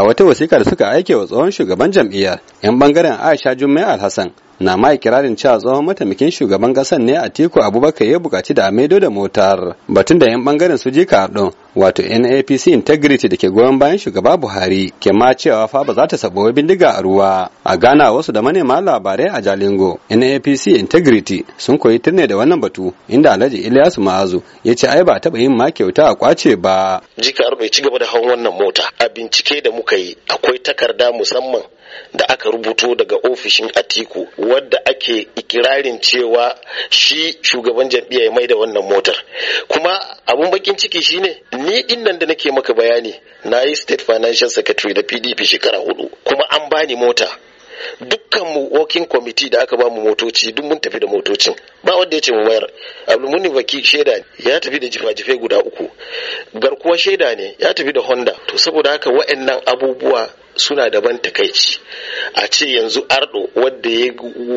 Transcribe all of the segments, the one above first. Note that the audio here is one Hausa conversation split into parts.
a wata wasiƙa da suka aike wa tsohon shugaban jam'iyyar yan bangaren aisha jummai alhassan na ma ikirarin cewa tsohon mataimakin shugaban ƙasar ne atiku abubakar ya buƙaci da amedo da motar batun da yan bangaren su jika ɗin wato NAPC Integrity da ke goyon bayan shugaba Buhari ke ma cewa fa ba za ta sabo bindiga a ruwa a gana wasu da manema labarai a Jalingo NAPC Integrity sun koyi tunne da wannan batu inda Alhaji Ilyasu Ma'azu ya ce ai ba taba yin ma kyauta a kwace ba jikar bai ci gaba da hawan wannan mota a bincike da muka yi akwai takarda musamman da aka rubuto daga ofishin Atiku wadda ake ikirarin cewa shi shugaban jam'iyya ya mai da wannan motar kuma abun bakin ciki shine ni nan da nake maka bayani na yi state financial secretary da pdp shekara hudu kuma an bani mota dukkan mu walking committee da aka ba mu motoci duk mun tafi da motocin ba wanda ya ce mu bayar abdulmuni baki sheda ya tafi da jifa-jife guda uku garkuwa sheda ne ya tafi da honda to saboda haka wa'annan abubuwa suna da ban takaici a ce yanzu ardo wadda ya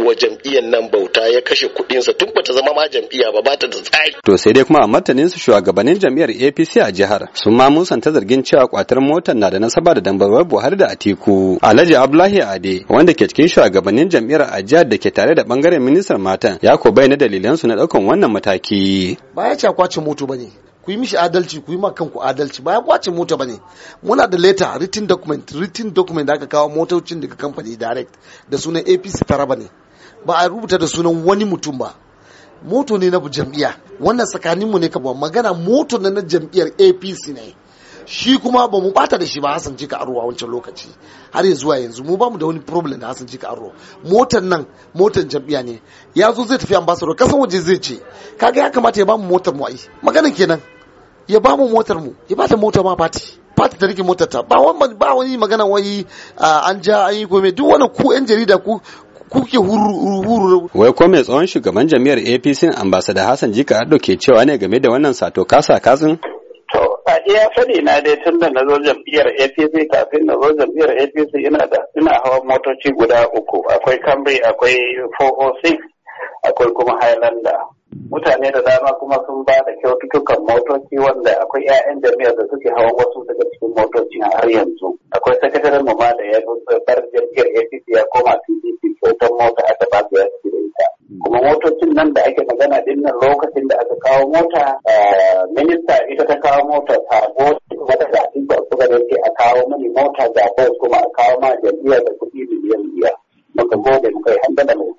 wa jam'iyyar nan bauta ya kashe kuɗinsa tun bata zama ma jam'iyya ba bata da tsari to sai dai kuma a martanin su shugabannin jam'iyyar APC a jihar sun ma musanta zargin cewa kwatar motar na da nasaba da dambarwar Buhari da Atiku Alhaji Abdullahi Ade wanda ke cikin shugabannin jam'iyyar a jihar da ke tare da bangaren ministan matan ya ko bayyana dalilan su na daukan wannan mataki ba ya ce kwace moto bane ku yi mishi adalci ku yi ma kanku adalci ba ya kwace mota bane muna da leta written document written document da aka kawo motocin daga kamfani direct da sunan APC taraba ne ba a rubuta da sunan wani mutum ba moto ne na jam'iyya wannan tsakanin mu ne ka magana moto na na jam'iyyar APC ne shi kuma ba mu bata da shi ba Hassan Jika Arro a wancan lokaci har yanzu zuwa yanzu mu ba mu da wani problem da Hassan Jika Arro motar nan motan jam'iya ne ya zo zai tafi ambassador kasan waje zai ce kaga ya kamata ya ba mu motar mu ai magana kenan ya ba mu motar mu ya ba ta mota ma fati fati ta rike motar ta ba wani ba wani magana wai an ja an yi kome duk wani ku yan jarida ku kuke huru wai ko mai tsohon shugaban jami'ar APC ambassador Hassan Jika Addo ke cewa ne game da wannan sato kasa To a iya sani na dai tun da nazo zo jam'iyyar APC kafin nazo jami'ar jam'iyyar APC ina da ina hawa motoci guda uku akwai Camry akwai 406 akwai kuma Highlander mutane da dama kuma sun ba da kyaututtukan motoci wanda akwai 'ya'yan jami'ar da suke hawa wasu daga cikin motoci har yanzu akwai sakataren mu da ya bar jam'iyyar APC ya koma PDP kyautar mota aka ba su ya da ita kuma motocin nan da ake magana dinnan lokacin da aka kawo mota eh, minista ita ta kawo mota ta sabo kuma ta zaɓi ba su da yake a kawo mani mota ga kuma a kawo ma jami'a da kuɗi miliyan biyar muka gode muka yi da mai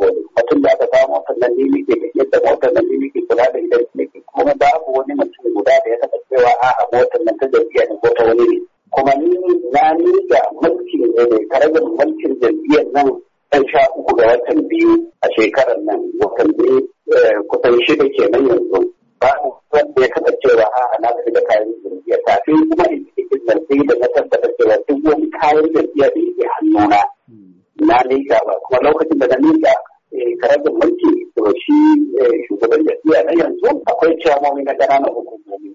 wata nan ta jam'iyya ne ko ta wani ne kuma ni na mulkin karagin mulkin jam'iyyar nan ɗan sha uku ga watan biyu a shekarar nan watan biyu eh, kusan shida kenan yanzu ba wanda ya taɓa cewa a'a na tafi da kayan jam'iyyar kuma in nan sai da na tabbata cewa duk wani kayan jam'iyyar da yake hannuna na miƙa ba kuma lokacin da na miƙa karagin eh, mulki to shi eh, shugaban na yanzu akwai ciyamomi na ƙananan hukumomi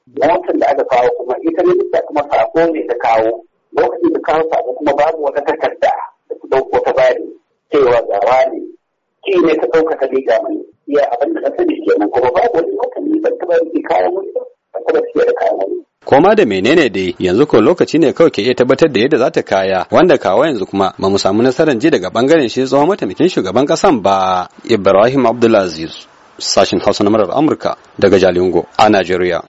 ta kawo kuma ita minista kuma sako ne ta kawo lokacin da kawo sako kuma babu wata takarda da ta dauko ta bani cewa ga wani ki ne ta dauka ta liga mani iya abin da ta sani kenan kuma babu wani lokaci ban taba rike kayan wani ba ban taba fiye da kawo wani koma da menene dai yanzu ko lokaci ne kawai ke iya tabbatar da yadda za ta kaya wanda kawo yanzu kuma ba mu samu nasarar ji daga bangaren shi tsohon mataimakin shugaban kasan ba ibrahim abdulaziz sashin hausa na murar amurka daga jalingo a najeriya